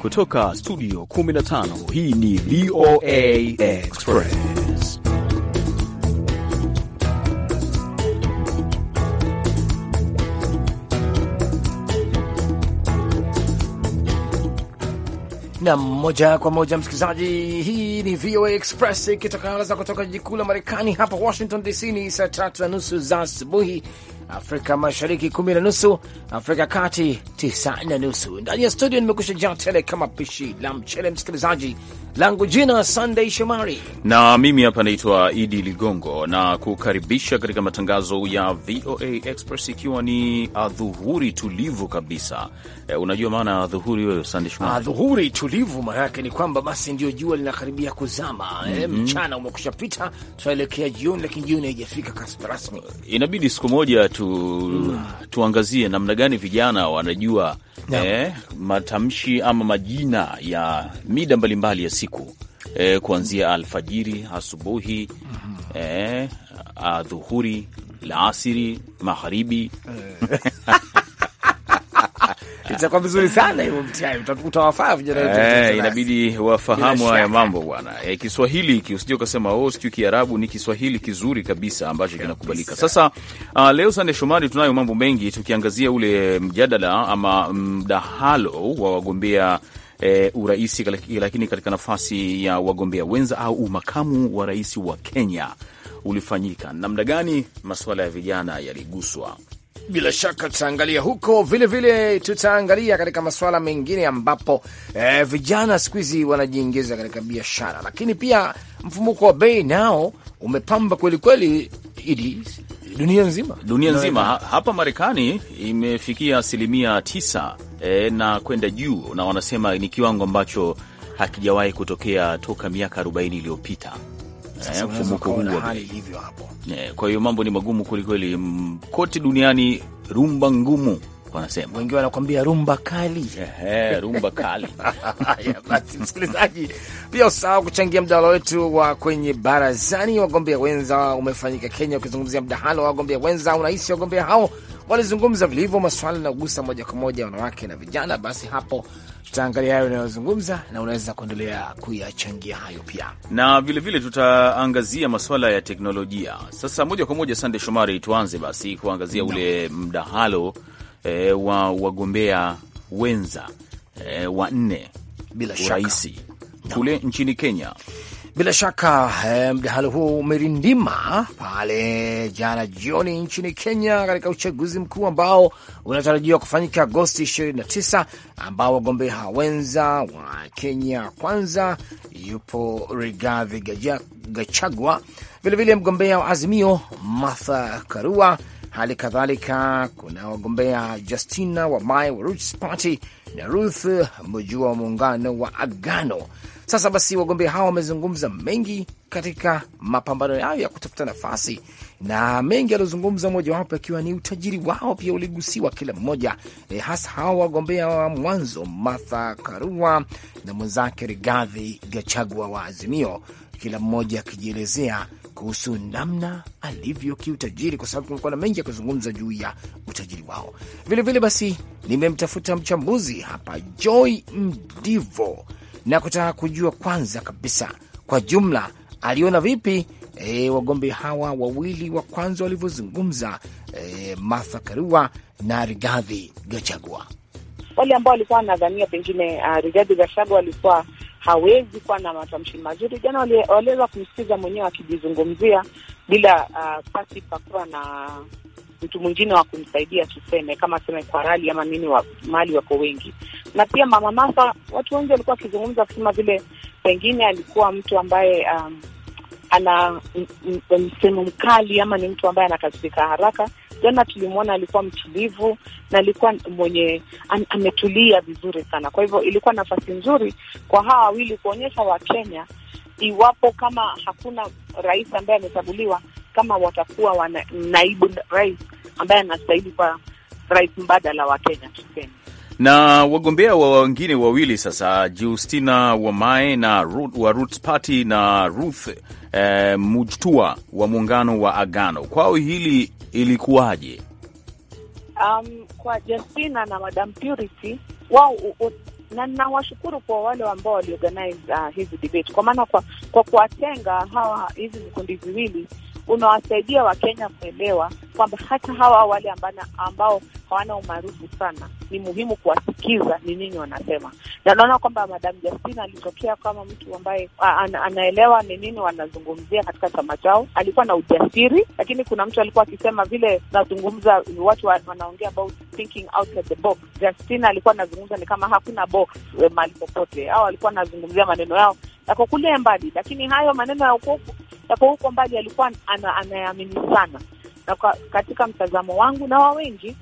Kutoka studio 15 hii ni VOA Express. na moja kwa moja msikilizaji, hii ni VOA Express ikitangaza kutoka jiji kuu la Marekani hapa Washington DC. Ni saa tatu na nusu za asubuhi Afrika Mashariki kumi na nusu, Afrika Kati tisa na nusu. Ndani ya studio nimekusha jaa tele kama pishi la mchele, msikilizaji langu jina Sunday Shomari na mimi hapa naitwa Idi Ligongo na kukaribisha katika matangazo ya VOA Express, ikiwa ni adhuhuri tulivu kabisa. E, unajua maana adhuhuri wewe Sunday Shomari? Adhuhuri tulivu maana yake ni kwamba basi ndio jua linakaribia kuzama. mm -hmm. E, mchana umekusha pita, tunaelekea jioni, lakini jioni haijafika kasi rasmi. Inabidi siku moja tu, tuangazie namna gani vijana wanajua yeah. eh, matamshi ama majina ya mida mbalimbali ya siku eh, kuanzia alfajiri, asubuhi mm -hmm. eh, adhuhuri, laasiri, magharibi eh. itakuwa vizuri sana hiyo mtihani, utawafaa vijana wetu eh, inabidi wafahamu haya mambo bwana. Eh, Kiswahili hiki usije ukasema oh, sio Kiarabu, ni Kiswahili kizuri kabisa ambacho kinakubalika. Sasa uh, leo Sande Shomari, tunayo mambo mengi tukiangazia ule mjadala ama mdahalo wa wagombea E, eh, uraisi lakini katika nafasi ya wagombea wenza au umakamu wa rais wa Kenya ulifanyika namna gani? Masuala ya vijana yaliguswa bila shaka tutaangalia huko vilevile, tutaangalia katika masuala mengine ambapo eh, vijana siku hizi wanajiingiza katika biashara, lakini pia mfumuko wa bei nao umepamba kwelikweli idi dunia nzima, dunia nzima ha, hapa Marekani imefikia asilimia tisa eh, na kwenda juu, na wanasema ni kiwango ambacho hakijawahi kutokea toka miaka 40 iliyopita. Eh, mfumuko huu wa bei. Eh, kwa hiyo mambo ni magumu kwelikweli kote duniani, rumba ngumu wanasema wengi, wanakwambia rumba kali. hey, rumba kali. basi, msikilizaji, pia usahau kuchangia mdahalo wetu wa kwenye barazani. Wagombea wenza umefanyika Kenya, ukizungumzia mdahalo wa wagombea wenza, unahisi wagombea hao walizungumza vilivyo maswala yanayogusa moja kwa moja wanawake na vijana? Basi hapo tutaangalia hayo unayozungumza na unaweza kuendelea kuyachangia hayo pia, na vilevile tutaangazia masuala ya teknolojia. Sasa moja kwa moja, Sande Shomari, tuanze basi kuangazia ule mdahalo e, wa wagombea wenza e, wanne uraisi kule nchini Kenya. Bila shaka eh, mdahalo huo umerindima pale jana jioni nchini Kenya, katika uchaguzi mkuu ambao unatarajiwa kufanyika Agosti 29, ambao wagombea hawa wenza wa Kenya kwanza yupo Rigathi Gachagua, vilevile mgombea wa Azimio Martha Karua, hali kadhalika kuna wagombea Justina wa My Roots Party na Ruth Mujua wa muungano wa Agano sasa basi, wagombea hao wamezungumza mengi katika mapambano yao ya kutafuta nafasi, na mengi aliozungumza mojawapo akiwa ni utajiri wao, pia uligusiwa kila mmoja e, hasa hao wagombea wa mwanzo Martha Karua na mwenzake Rigathi Gachagua wa Azimio, kila mmoja akijielezea kuhusu namna alivyo kiutajiri, kwa sababu kumekuwa na mengi ya kuzungumza juu ya utajiri wao. Vilevile basi, nimemtafuta mchambuzi hapa Joy Mdivo na kutaka kujua kwanza kabisa kwa jumla aliona vipi e, wagombea hawa wawili wa kwanza walivyozungumza, e, Martha Karua na Rigathi Gachagua. Wale ambao walikuwa wanadhania pengine uh, Rigathi Gachagua alikuwa hawezi kuwa na matamshi mazuri, jana waliweza kumsikiza mwenyewe akijizungumzia bila uh, pasi pakuwa na mtu mwingine wa kumsaidia, tuseme kama seme kwa rali ama nini, wa mali wako wengi. Na pia mama Martha, watu wengi walikuwa wakizungumza kusema vile pengine alikuwa mtu ambaye um, ana msemo mkali ama ni mtu ambaye anakasirika haraka. Jana tulimwona alikuwa mtulivu na alikuwa mwenye ametulia vizuri sana. Kwa hivyo ilikuwa nafasi nzuri kwa hawa wawili kuonyesha Wakenya, iwapo kama hakuna rais ambaye amechaguliwa, kama watakuwa wana naibu rais ambaye anastahili kwa rais mbadala wa Kenya, tuseme na wagombea wa wengine wawili sasa, Justina Wamae na Ruth, wa Roots Party na Ruth eh, Mujtua wa muungano wa Agano, kwao hili ilikuwaje? Um, kwa Justina na Madam Purity wao na nawashukuru kwa wale ambao waliorganize uh, hizi debate kwa maana kwa kwa kuwatenga hawa hizi vikundi viwili unawasaidia Wakenya kuelewa kwamba hata hawa wale ambana, ambao hawana umaarufu sana ni muhimu kuwasikiza ni nini wanasema, na naona kwamba Madam Justina alitokea kama mtu ambaye an, anaelewa ni nini wanazungumzia katika chama chao. Alikuwa na ujasiri, lakini kuna mtu alikuwa akisema vile nazungumza, watu wanaongea about thinking the box. Justina alikuwa anazungumza ni kama hakuna box eh, mahali popote, au alikuwa anazungumzia maneno yao yako kule mbali, lakini hayo maneno ya ukofu na huko mbali alikuwa anaamini sana, na kwa, katika mtazamo wangu na wa wengi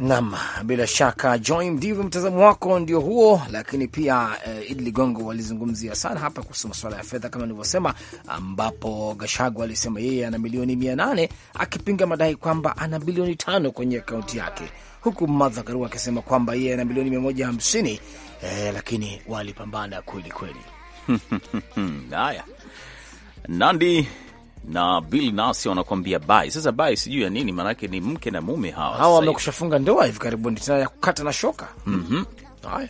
Nam, bila shaka Joy Mdivu, mtazamo wako ndio huo, lakini pia eh, Idi Ligongo walizungumzia sana hapa kuhusu masuala ya fedha kama nilivyosema, ambapo Gashagwa alisema yeye ana milioni mia nane akipinga madai kwamba ana bilioni tano kwenye akaunti yake, huku Madha Karua akisema kwamba yeye ana milioni mia moja hamsini eh, lakini walipambana kweli kweli. Haya Nandi na Bill Nasi wanakuambia bai. Sasa bai sijui ya nini, maanake ni mke na mume hawa, hawa funga ndoa hivi karibuni tena ya kukata na shoka. mm -hmm. Haya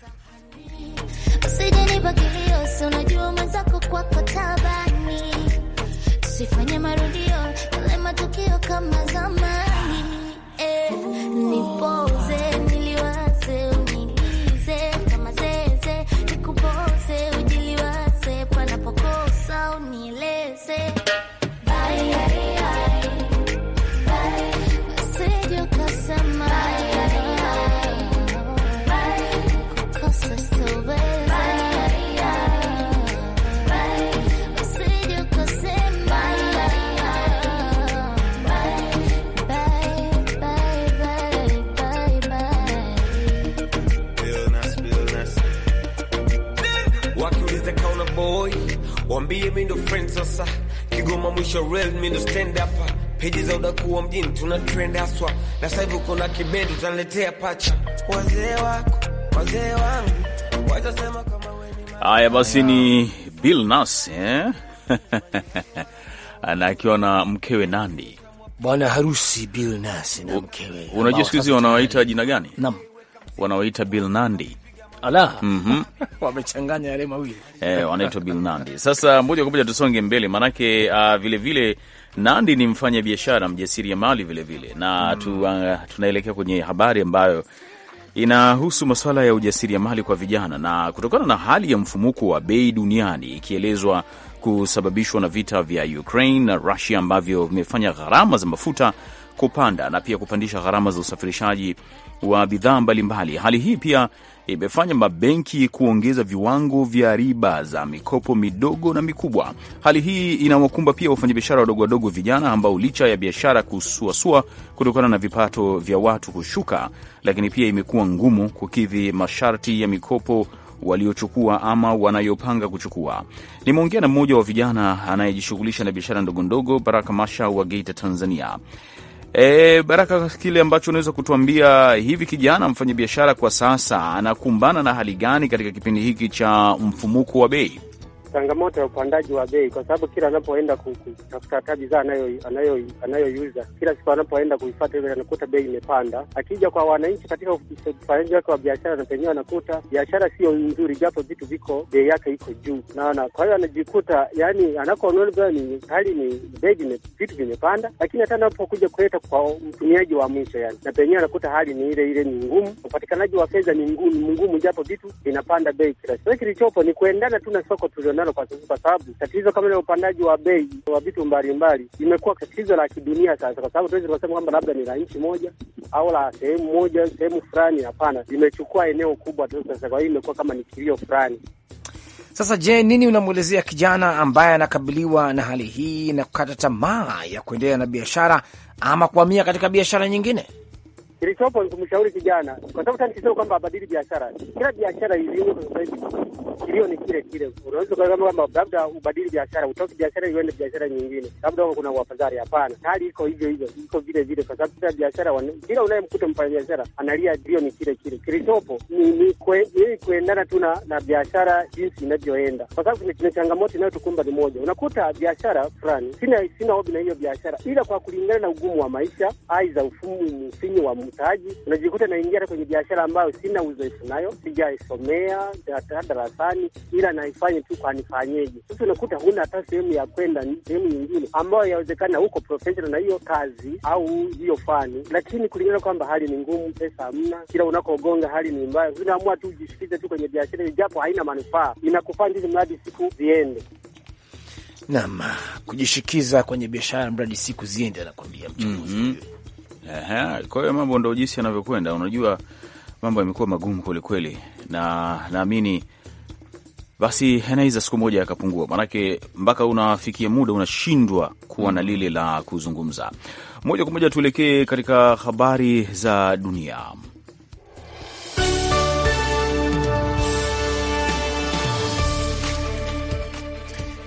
Real mimi ndo stand up. Peji za udakuwa mjini tuna trend aswa Na sasa hivi kuna kibendi tunaletea pacha. Wazee wako, wazee wangu. Wacha sema kama wewe ni Haya basi ni Bill Nass eh? Ana akiwa na mkewe Nandi. Bwana harusi Bill Nass na mkewe. Unajua siku hizi wanawaita jina gani? Naam. Wanawaita Bill Nandi. Ala. Mm -hmm. Wamechanganya yale mawili. Eh, wanaitwa Bill Nandi. Sasa moja kwa moja tusonge mbele maanake uh, ah, vile vile Nandi ni mfanya biashara mjasiriamali vile vile na mm. tu, uh, tunaelekea kwenye habari ambayo inahusu masuala ya ujasiriamali kwa vijana na kutokana na hali ya mfumuko wa bei duniani ikielezwa kusababishwa na vita vya Ukraine na Russia ambavyo vimefanya gharama za mafuta kupanda na pia kupandisha gharama za usafirishaji wa bidhaa mbalimbali. Hali hii pia imefanya mabenki kuongeza viwango vya riba za mikopo midogo na mikubwa. Hali hii inawakumba pia wafanyabiashara wadogo wadogo, vijana ambao licha ya biashara kusuasua kutokana na vipato vya watu kushuka, lakini pia imekuwa ngumu kukidhi masharti ya mikopo waliochukua ama wanayopanga kuchukua. Nimeongea na mmoja wa vijana anayejishughulisha na biashara ndogondogo, Baraka Masha wa Geita, Tanzania. E, Baraka, kile ambacho unaweza kutuambia hivi, kijana mfanyabiashara kwa sasa anakumbana na hali gani katika kipindi hiki cha mfumuko wa bei? changamoto ya upandaji wa bei, kwa sababu kila anapoenda kutafuta hata bidhaa anayoiuza anayo, anayo kila siku anapoenda kuifuata ile anakuta bei imepanda. Akija kwa wananchi katika ufanyaji wake wa biashara, na penyewe anakuta biashara sio nzuri, japo vitu viko bei yake iko juu, naona. Kwa hiyo anajikuta yani anakoonea ni hali ni bei, vitu vimepanda, lakini hata anapokuja kuleta kwa mtumiaji wa mwisho, yani na penyewe anakuta hali ni ile ile, ni ngumu. Upatikanaji wa fedha ni ngumu, ngumu, japo vitu vinapanda bei kila siku. Kilichopo ni kuendana tu na soko tulionalo nalo kwa sasa, kwa sababu tatizo kama ile upandaji wa bei wa vitu mbalimbali imekuwa tatizo la kidunia sasa, kwa sababu tuwezi tukasema kwamba labda ni la nchi moja au la sehemu moja sehemu fulani. Hapana, imechukua eneo kubwa tu sasa, kwa hiyo imekuwa kama ni kilio fulani. Sasa je, nini unamwelezea kijana ambaye anakabiliwa na hali hii na kukata tamaa ya kuendelea na biashara ama kuhamia katika biashara nyingine? kilichopo ni kumshauri kijana, kwa sababu hata nikisema kwamba abadili biashara, kila biashara iliyo kilio ni kile kile. Unaweza kusema kwamba labda ubadili biashara, utoke biashara iende biashara nyingine, labda wako kuna wafadhali. Hapana, hali iko hivyo hivyo, iko vile vile, kwa sababu kila biashara, kila unayemkuta mfanya biashara analia ndio ni kile kile. Kilichopo ni ni kuendana tu na biashara jinsi inavyoenda, kwa sababu kuna changamoto inayotukumba ni moja, unakuta biashara fulani, sina sina hobi na hiyo biashara, ila kwa kulingana na ugumu wa maisha, aidha ufumu mfinyi wa mtaji, unajikuta naingia hata kwenye biashara ambayo sina uzoefu nayo, sijaisomea darasani, ila naifanye tu kwa Sasa unakuta huna hata sehemu ya kwenda sehemu nyingine ambayo yawezekana uko professional na hiyo kazi au hiyo fani, lakini kulingana kwamba hali ni ngumu, pesa hamna, kila unakogonga hali ni mbaya, unaamua tu ujishikize tu kwenye biashara, ijapo haina manufaa, inakufaa ndizi, mradi siku ziende. Naam, kujishikiza kwenye biashara mradi siku ziende, anakwambia mchambuzi. mm -hmm. Kwa hiyo mambo ndo jinsi yanavyokwenda. Unajua mambo yamekuwa magumu kwelikweli, na naamini basi anaweza siku moja yakapungua, maanake mpaka unafikia muda unashindwa kuwa na lile la kuzungumza. Moja kwa moja tuelekee katika habari za dunia.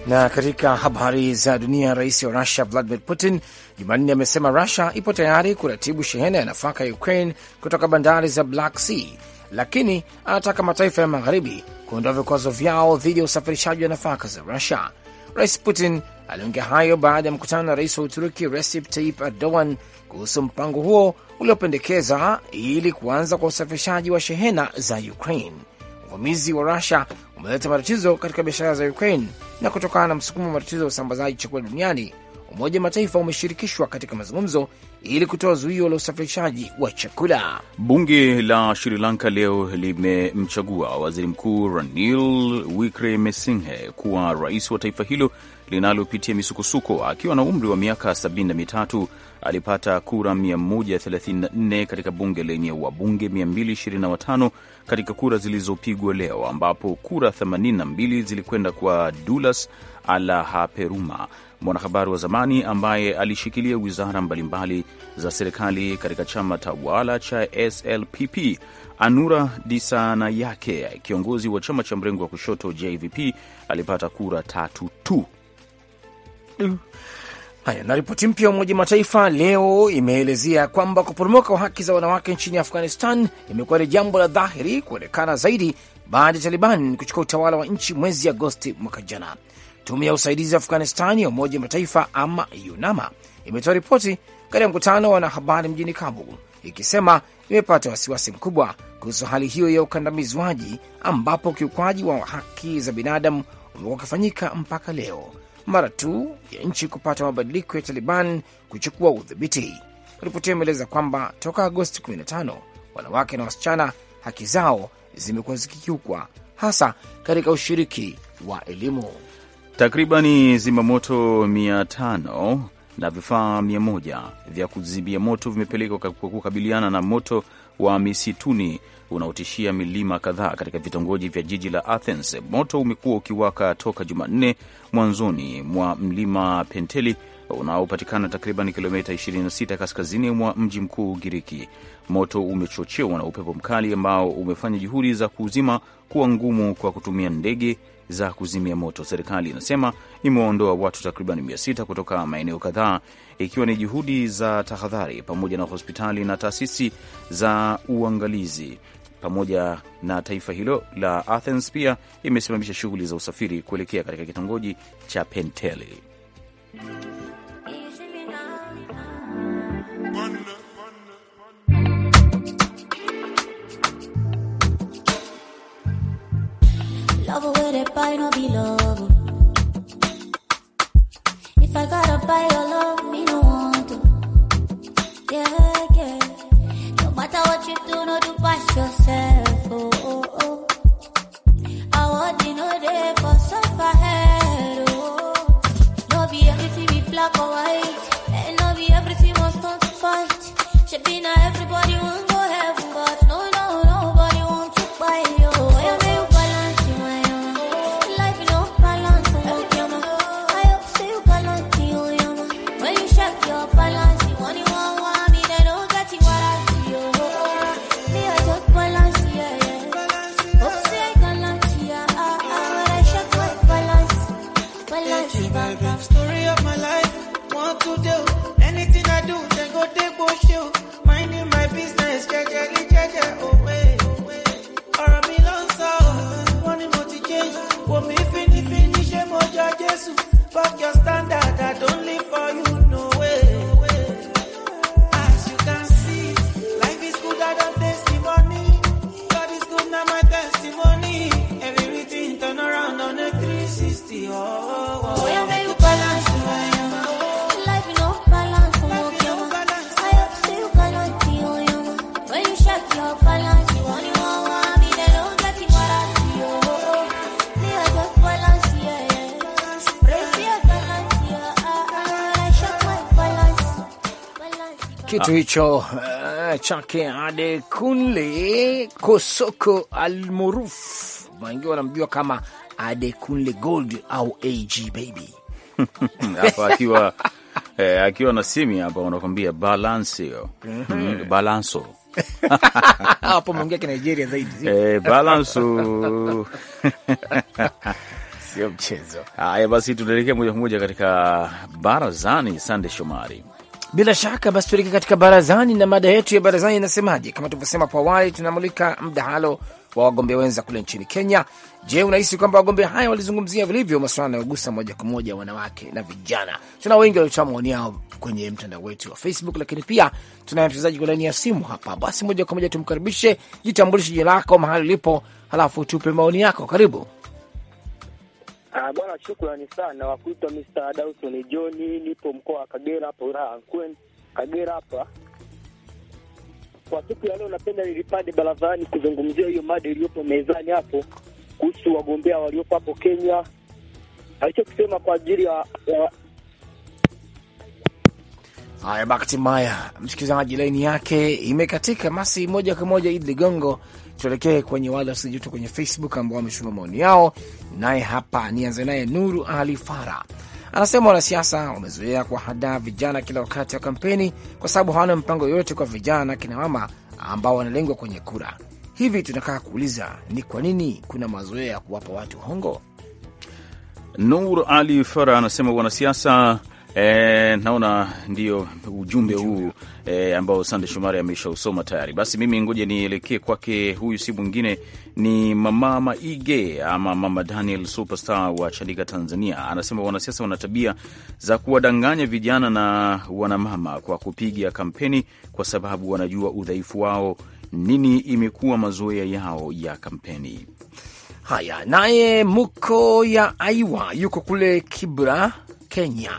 Na katika habari za dunia, rais wa Rusia Vladimir Putin Jumanne amesema Rusia ipo tayari kuratibu shehena ya nafaka ya Ukraine kutoka bandari za Black Sea, lakini anataka mataifa ya magharibi kuondoa vikwazo vyao dhidi ya usafirishaji wa nafaka za Rusia. Rais Putin aliongea hayo baada ya mkutano na rais wa Uturuki Recep Tayyip Erdogan kuhusu mpango huo uliopendekeza ili kuanza kwa usafirishaji wa shehena za Ukraine. Uvamizi wa Rusia umeleta matatizo katika biashara za Ukraine na kutokana na msukumo wa matatizo ya usambazaji chakula duniani Umoja wa Mataifa umeshirikishwa katika mazungumzo ili kutoa zuio la usafirishaji wa chakula. Bunge la Sri Lanka leo limemchagua waziri mkuu Ranil Wickremesinghe kuwa rais wa taifa hilo linalopitia misukosuko. Akiwa na umri wa miaka 73 alipata kura 134 katika bunge lenye wabunge 225 katika kura zilizopigwa leo, ambapo kura 82 zilikwenda kwa Dulas Alahaperuma mwanahabari wa zamani ambaye alishikilia wizara mbalimbali za serikali katika chama tawala cha SLPP. Anura Disanayake, kiongozi wa chama cha mrengo wa kushoto JVP, alipata kura tatu tu. Haya, na ripoti mpya ya Umoja Mataifa leo imeelezea kwamba kuporomoka wa haki za wanawake nchini Afghanistan imekuwa ni jambo la dhahiri kuonekana zaidi baada ya Taliban kuchukua utawala wa nchi mwezi Agosti mwaka jana. Tume ya usaidizi Afghanistani ya Umoja wa Mataifa ama YUNAMA imetoa ripoti katika mkutano wa wanahabari mjini Kabul ikisema imepata wasiwasi mkubwa kuhusu hali hiyo ya ukandamizwaji, ambapo ukiukwaji wa haki za binadamu umekuwa ukifanyika mpaka leo mara tu ya nchi kupata mabadiliko ya Taliban kuchukua udhibiti. Ripoti imeeleza kwamba toka Agosti 15 wanawake na wasichana haki zao zimekuwa zikikiukwa hasa katika ushiriki wa elimu. Takribani zimamoto mia tano na vifaa mia moja vya kuzibia moto vimepelekwa kwa kukabiliana na moto wa misituni unaotishia milima kadhaa katika vitongoji vya jiji la Athens. Moto umekuwa ukiwaka toka Jumanne mwanzoni mwa mlima Penteli unaopatikana takriban kilomita 26 kaskazini mwa mji mkuu giriki Moto umechochewa na upepo mkali ambao umefanya juhudi za kuuzima kuwa ngumu kwa kutumia ndege za kuzimia moto. Serikali inasema imeondoa watu takriban mia sita kutoka maeneo kadhaa, ikiwa ni juhudi za tahadhari, pamoja na hospitali na taasisi za uangalizi pamoja na taifa hilo la Athens pia imesimamisha shughuli za usafiri kuelekea katika kitongoji cha Penteli. Double with it, buy no be love. If I gotta buy your love, me no want to. Yeah, yeah. No matter what you do, no do pass yourself. Oh, oh, oh. I want you know there for suffer head. Oh, oh, oh, no be everything be black or white. kitu ah. hicho uh, chake Ade Kunle Kosoko almuruf, wengi wanamjua kama Ade Kunle Gold au AG Baby hapa akiwa eh, akiwa na simi hapa wanakwambia balansio eh, mm -hmm. balanso hapo mwongea ki Nigeria zaidi eh, balanso sio mchezo. Haya basi, tunaelekea moja kwa moja katika barazani. Sande Shomari. Bila shaka basi tuelekee katika barazani, na mada yetu ya barazani inasemaje? Kama tulivyosema hapo awali, tunamulika mdahalo wa wagombea wenza kule nchini Kenya. Je, unahisi kwamba wagombea haya walizungumzia vilivyo masuala yanayogusa moja kwa moja wanawake na vijana? Tuna wengi waliotoa maoni yao kwenye mtandao wetu wa Facebook, lakini pia tunaye mchezaji kwa laini ya simu hapa. Basi moja kwa moja tumkaribishe, jitambulishe jina lako, mahali ulipo, halafu tupe maoni yako. Karibu. Ah, bwana, shukrani sana. Wakuitwa Mr. Dawson John, nipo mkoa wa Kagera hapo wilaya Ankwen, Kagera hapa. Kwa siku ya leo, napenda nilipande barazani kuzungumzia hiyo mada iliyopo mezani hapo kuhusu wagombea waliopo hapo Kenya, alichokisema kwa ajili ya haya. Bahati mbaya, msikilizaji, laini yake imekatika, basi moja kwa moja Idi Ligongo tuelekee kwenye wale wasijitu kwenye Facebook ambao wametuma maoni yao. Naye hapa nianze naye Nuru Ali Fara anasema wanasiasa wamezoea kuwahadaa vijana kila wakati wa kampeni, kwa sababu hawana mpango yoyote kwa vijana na kinamama ambao wanalengwa kwenye kura. Hivi tunakaa kuuliza ni kwa nini kuna mazoea ya kuwapa watu hongo? Nur Ali Fara anasema wanasiasa E, naona ndio ujumbe huu e, ambao Sande Shomari ameisha usoma tayari. Basi mimi ngoja nielekee kwake, huyu si mwingine ni Mama Maige ama Mama Daniel Superstar wa Chanika, Tanzania. Anasema wanasiasa wana tabia za kuwadanganya vijana na wanamama kwa kupiga kampeni, kwa sababu wanajua udhaifu wao, nini imekuwa mazoea yao ya kampeni. Haya, naye Muko ya Aiwa yuko kule Kibra, Kenya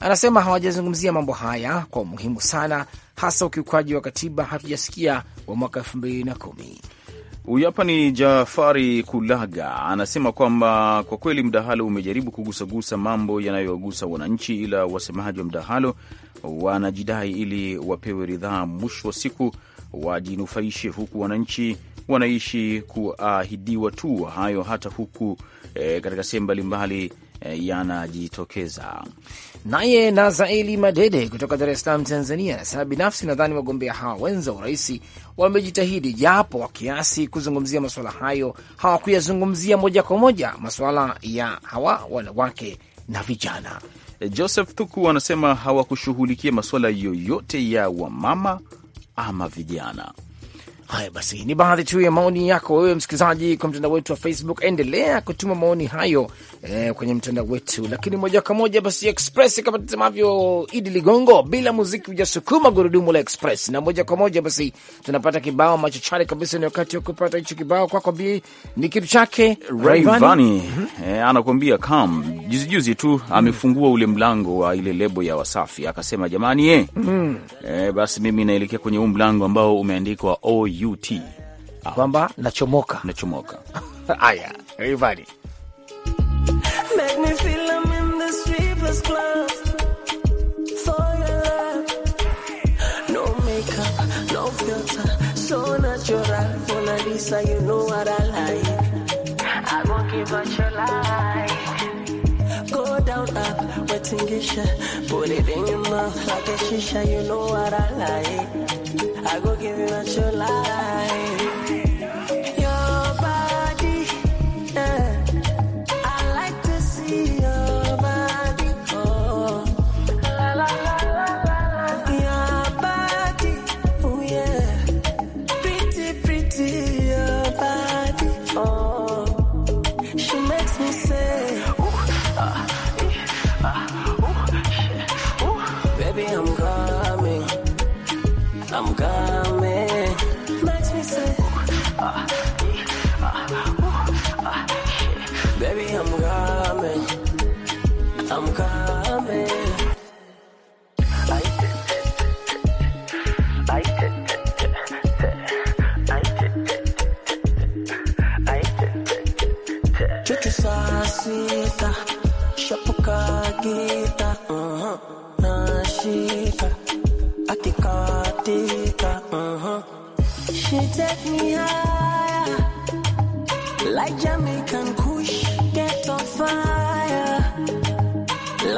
Anasema hawajazungumzia mambo haya kwa umuhimu sana, hasa ukiukaji wa katiba hatujasikia wa mwaka elfu mbili na kumi. Huyu hapa ni Jafari Kulaga, anasema kwamba kwa kweli mdahalo umejaribu kugusagusa mambo yanayogusa wananchi, ila wasemaji wa mdahalo wanajidai ili wapewe ridhaa, mwisho wa siku wajinufaishe, huku wananchi wanaishi kuahidiwa tu hayo, hata huku e, katika sehemu mbalimbali Eh, yanajitokeza. Naye Nazaeli Madede kutoka Dar es Salaam, Tanzania, anasema binafsi nadhani wagombea hawa wenza urais wamejitahidi japo wa kiasi kuzungumzia masuala hayo, hawakuyazungumzia moja kwa moja masuala ya hawa wanawake na vijana. Eh, Joseph Thuku anasema hawakushughulikia masuala yoyote ya wamama ama vijana. Haya basi, ni baadhi tu ya maoni yako wewe msikilizaji kwa mtandao wetu wa Facebook. Endelea kutuma maoni hayo eh, kwenye mtandao wetu. Lakini moja kwa moja basi Express kama tutamavyo Idi Ligongo, bila muziki hujasukuma gurudumu la Express. Na moja kwa moja basi tunapata kibao machachari kabisa, ni wakati wa kupata hicho kibao kwako. Bi ni kitu chake Rayvanny mhm. eh, anakuambia kam. Juzi juzi tu mm. amefungua ule mlango wa ile lebo ya Wasafi akasema jamani, eh, mm. eh, basi mimi naelekea kwenye huu mlango ambao umeandikwa OUT kwamba nachomoka nachomoka. Haya, Rayvanny Make me feel I'm in the sleepless club. For your love. No makeup, no filter. So natural. Mona Lisa, you know what I like. I won't give up your life. Go down up, wetting shirt, Put it in your mouth like a shisha. You know what I like. I go give you what you like.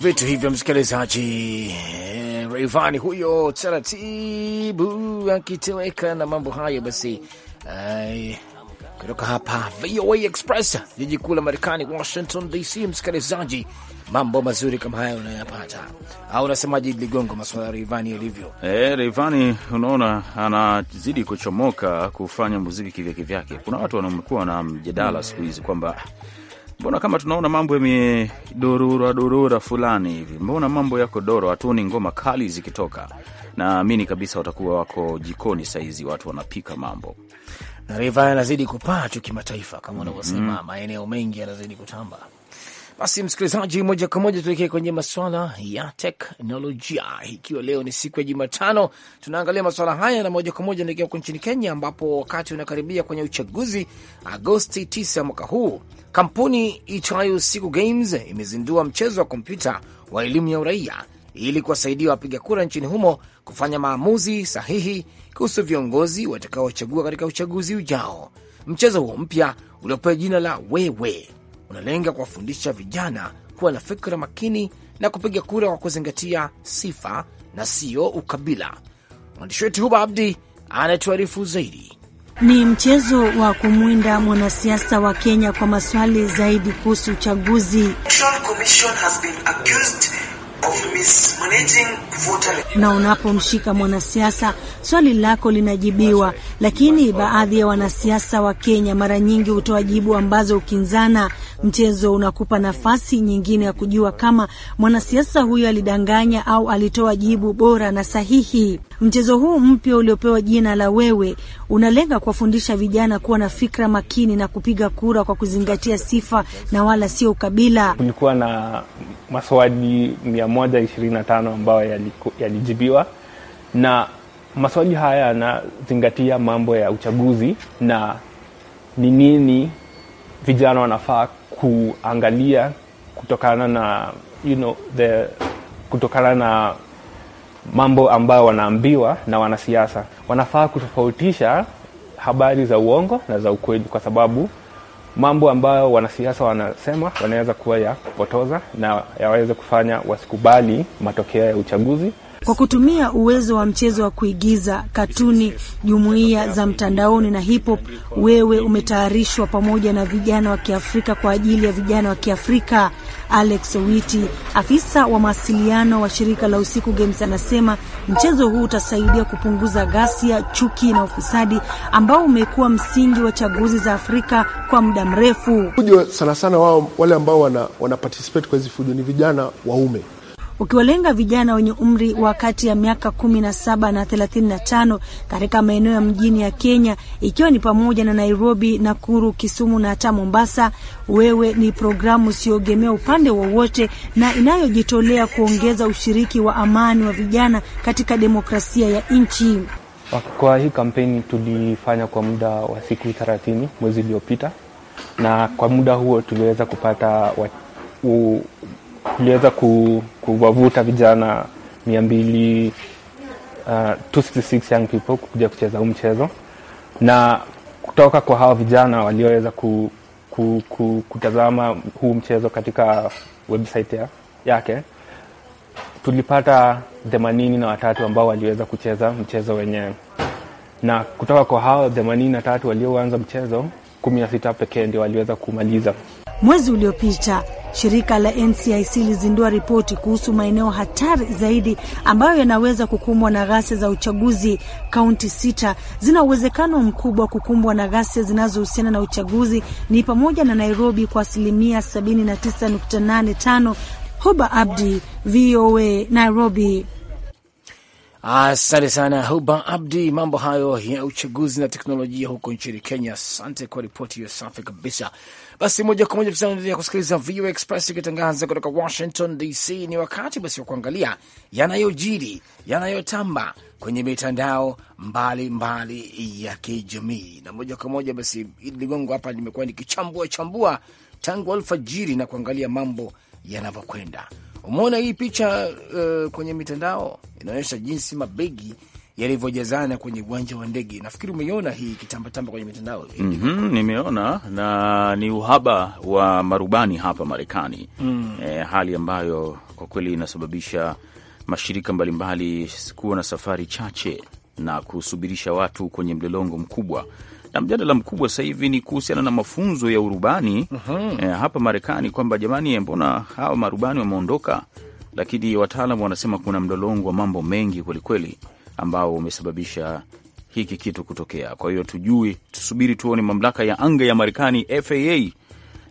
vitu hivyo, msikilizaji. Eh, Rayvanny huyo taratibu akitoweka na mambo hayo. Basi eh, kutoka hapa VOA Express, jiji kuu la Marekani, Washington DC, msikilizaji mambo mazuri kama haya unayapata au unasemaje, Ligongo? Masuala ya Rayvanny yalivyo. E, Rayvanny unaona anazidi kuchomoka kufanya muziki kivyake vyake. Kuna watu wanakuwa na mjadala siku hizi kwamba mbona kama tunaona mambo yamedorora dorora fulani hivi, mbona mambo yako doro, hatuoni ngoma kali zikitoka. Naamini kabisa watakuwa wako jikoni sahizi watu wanapika mambo. Riva yanazidi kupaa tu kimataifa kama unavyosema, mhm. maeneo mm -hmm. mengi yanazidi kutamba basi msikilizaji, moja kwa moja tuelekee kwenye maswala ya teknolojia, ikiwa leo ni siku ya Jumatano, tunaangalia maswala haya na moja kwa moja naelekea huko nchini Kenya, ambapo wakati unakaribia kwenye uchaguzi Agosti 9 mwaka huu, kampuni itwayo Siku Games imezindua mchezo wa kompyuta wa elimu ya uraia ili kuwasaidia wapiga kura nchini humo kufanya maamuzi sahihi kuhusu viongozi watakaowachagua katika uchaguzi ujao. Mchezo huo mpya uliopewa jina la Wewe unalenga kuwafundisha vijana kuwa na fikra makini na kupiga kura kwa kuzingatia sifa na sio ukabila. Mwandishi wetu Huba Abdi anatuarifu zaidi. Ni mchezo wa kumwinda mwanasiasa wa Kenya kwa maswali zaidi kuhusu uchaguzi na unapomshika mwanasiasa swali lako linajibiwa, lakini baadhi ya wanasiasa wa Kenya mara nyingi hutoa jibu ambazo ukinzana. Mchezo unakupa nafasi nyingine ya kujua kama mwanasiasa huyo alidanganya au alitoa jibu bora na sahihi. Mchezo huu mpya uliopewa jina la Wewe unalenga kuwafundisha vijana kuwa na fikra makini na kupiga kura kwa kuzingatia sifa na wala sio ukabila. Kulikuwa na maswali 125 ambayo yalijibiwa na maswali haya yanazingatia mambo ya uchaguzi na ni nini vijana wanafaa kuangalia kutokana na you know, the kutokana na mambo ambayo wanaambiwa na wanasiasa. Wanafaa kutofautisha habari za uongo na za ukweli, kwa sababu mambo ambayo wanasiasa wanasema wanaweza kuwa ya kupotoza na yaweze kufanya wasikubali matokeo ya uchaguzi. Kwa kutumia uwezo wa mchezo wa kuigiza, katuni, jumuiya za mtandaoni na hip hop, wewe umetayarishwa pamoja na vijana wa Kiafrika kwa ajili ya vijana wa Kiafrika. Alex Owiti, afisa wa mawasiliano wa shirika la Usiku Games, anasema mchezo huu utasaidia kupunguza ghasia, chuki na ufisadi ambao umekuwa msingi wa chaguzi za Afrika kwa muda mrefu. Fujo sana sana, wao wale ambao wana, wana participate kwa hizi fujo ni vijana waume ukiwalenga vijana wenye umri wa kati ya miaka kumi na saba na thelathini na tano katika maeneo ya mjini ya Kenya, ikiwa ni pamoja na Nairobi, Nakuru, Kisumu na hata Mombasa. Wewe ni programu usiyoegemea upande wowote na inayojitolea kuongeza ushiriki wa amani wa vijana katika demokrasia ya nchi. Kwa hii kampeni tulifanya kwa muda wa siku thelathini mwezi uliopita, na kwa muda huo tuliweza kupata wa, u, tuliweza ku, kuwavuta vijana mia mbili uh, 266 young people kuja kucheza huu mchezo na kutoka kwa hawa vijana walioweza ku, ku, ku, kutazama huu mchezo katika website ya, yake tulipata themanini na watatu ambao waliweza kucheza mchezo wenyewe, na kutoka kwa hao themanini na tatu walioanza mchezo, kumi na sita pekee ndio waliweza kumaliza. Mwezi uliopita shirika la NCIC lizindua ripoti kuhusu maeneo hatari zaidi ambayo yanaweza kukumbwa na ghasia za uchaguzi. Kaunti sita zina uwezekano mkubwa wa kukumbwa na ghasia zinazohusiana na uchaguzi ni pamoja na Nairobi kwa asilimia 79.85. hobe Abdi, VOA, Nairobi. Asante sana Huba Abdi, mambo hayo ya uchaguzi na teknolojia huko nchini Kenya. Asante kwa ripoti hiyo, safi kabisa. Basi moja kwa moja tunaendelea kusikiliza VOA Express ikitangaza kutoka Washington DC. Ni wakati basi wa kuangalia yanayojiri, yanayotamba kwenye mitandao mbalimbali ya kijamii, na moja kwa moja basi Idi Ligongo hapa nimekuwa nikichambua chambua tangu alfajiri na kuangalia mambo yanavyokwenda. Umeona hii picha uh, kwenye mitandao inaonyesha jinsi mabegi yalivyojazana kwenye uwanja wa ndege. Nafikiri umeiona hii kitambatamba kwenye mitandao mm -hmm, nimeona na ni uhaba wa marubani hapa Marekani mm. E, hali ambayo kwa kweli inasababisha mashirika mbalimbali kuwa na safari chache na kusubirisha watu kwenye mlolongo mkubwa na mjadala mkubwa sasa hivi ni kuhusiana na mafunzo ya urubani mm -hmm. eh, hapa Marekani kwamba jamani, mbona hawa marubani wameondoka? Lakini wataalamu wanasema kuna mlolongo wa mambo mengi kwelikweli ambao umesababisha hiki kitu kutokea. Kwa hiyo tujui, tusubiri tuone mamlaka ya anga ya Marekani FAA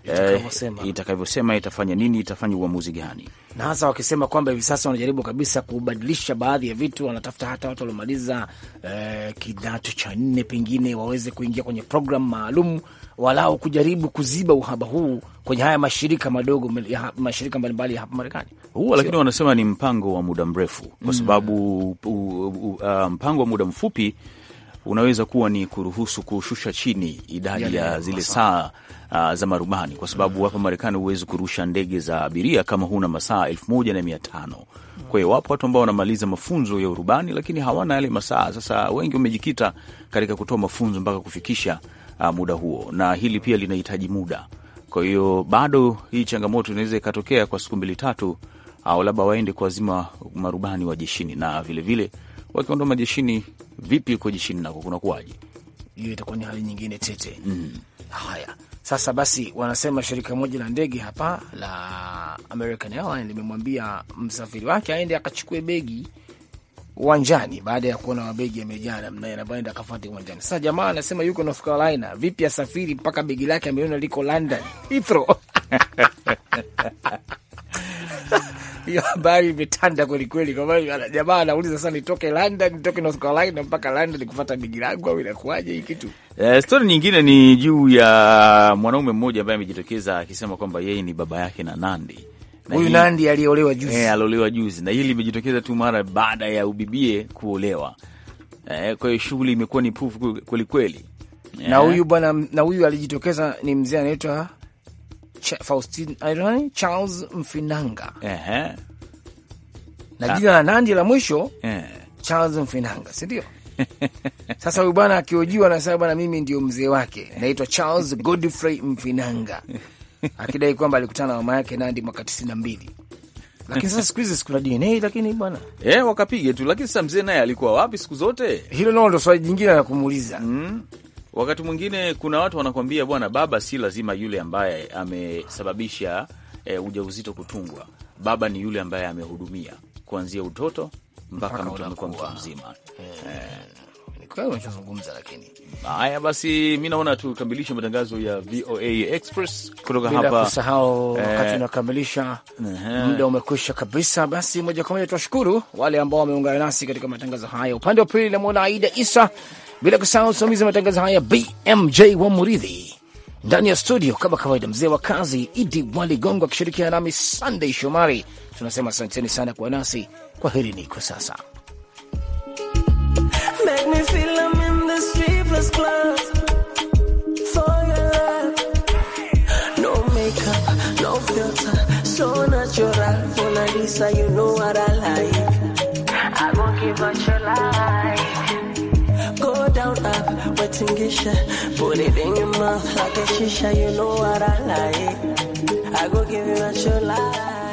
itakavyosema, eh, itakavyosema itafanya nini, itafanya uamuzi gani, na hasa wakisema kwamba hivi sasa wanajaribu kabisa kubadilisha baadhi ya vitu, wanatafuta hata watu waliomaliza eh, kidato cha nne pengine waweze kuingia kwenye programu maalum walau kujaribu kuziba uhaba huu kwenye haya mashirika madogo ya mashirika mbalimbali ya hapa Marekani huo, lakini wanasema ni mpango wa muda mrefu, kwa mm. sababu mm, u, u, uh, mpango wa muda mfupi unaweza kuwa ni kuruhusu kushusha chini idadi ya, zile saa uh, za marubani kwa sababu mm. hapa Marekani huwezi kurusha ndege za abiria kama huna masaa elfu moja na mia tano. Kwa hiyo wapo watu ambao wanamaliza mafunzo ya urubani lakini hawana yale masaa. Sasa wengi wamejikita katika kutoa mafunzo mpaka kufikisha uh, muda huo, na hili pia linahitaji muda. Kwa hiyo bado hii changamoto inaweza ikatokea kwa siku mbili tatu, au labda waende kuwazima marubani wa jeshini na vilevile vile, wakiondoa majeshini, vipi uko jeshini nako kunakuwaje? Hiyo itakuwa ni hali nyingine tete. mm. Haya, sasa basi, wanasema shirika moja la ndege hapa la American Airline limemwambia msafiri wake aende akachukue begi uwanjani baada ya kuona mabegi yamejaa namna hiyo, anapoenda uwanjani. Sasa jamaa anasema yuko North Carolina, vipi asafiri mpaka begi lake ameona liko London Heathrow? hiyo habari imetanda kwelikweli, kwa maana jamaa anauliza sasa, nitoke London, nitoke North Carolina mpaka London kufata digi langu au inakuwaje hii kitu? Uh, eh, stori nyingine ni juu ya mwanaume mmoja ambaye amejitokeza akisema kwamba yeye ni baba yake na Nandi huyu Nandi aliolewa juzi, eh, aliolewa juzi, na hili limejitokeza tu mara baada ya ubibie kuolewa. Eh, kwa hiyo shughuli imekuwa ni pufu kwelikweli, yeah. na eh. huyu bwana, na huyu alijitokeza ni mzee anaitwa Ch Faustin Irani, Charles Mfinanga na jina la Nandi la mwisho Ehe. Charles Mfinanga, si ndio? Sasa huyu bwana akiojiwa, anasema bwana, mimi ndio mzee wake, naitwa Charles Godfrey Mfinanga, akidai kwamba alikutana na mama yake Nandi mwaka tisini na mbili lakini sasa siku hizi siku DNA, lakini bwana eh, wakapiga tu. Lakini sasa mzee naye alikuwa wapi siku zote? Hilo nao ndo swali jingine la kumuuliza mm. Wakati mwingine kuna watu wanakwambia bwana, baba si lazima yule ambaye amesababisha e, ujauzito kutungwa. Baba ni yule ambaye amehudumia kuanzia utoto mpaka mtu amekuwa mtu mzima. Eh, haya basi, mi naona tukamilishe matangazo ya VOA Express kutoka bila kusahau wakati eh, unakamilisha muda umekwisha kabisa. Basi moja kwa moja tuwashukuru wale ambao wameungana nasi katika matangazo haya. Upande wa pili namwona Aida Isa bila kusahau usimamizi wa matangazo haya BMJ wa Muridhi ndani ya studio kama kawaida, mzee wa kazi Idi waligongo akishirikiana nami Sunday Shomari. Tunasema asanteni sana kwa nasi, kwa ni kwa sasa. tingisha. Put it in your mouth like a shisha, you know what I like. I go give you what you like.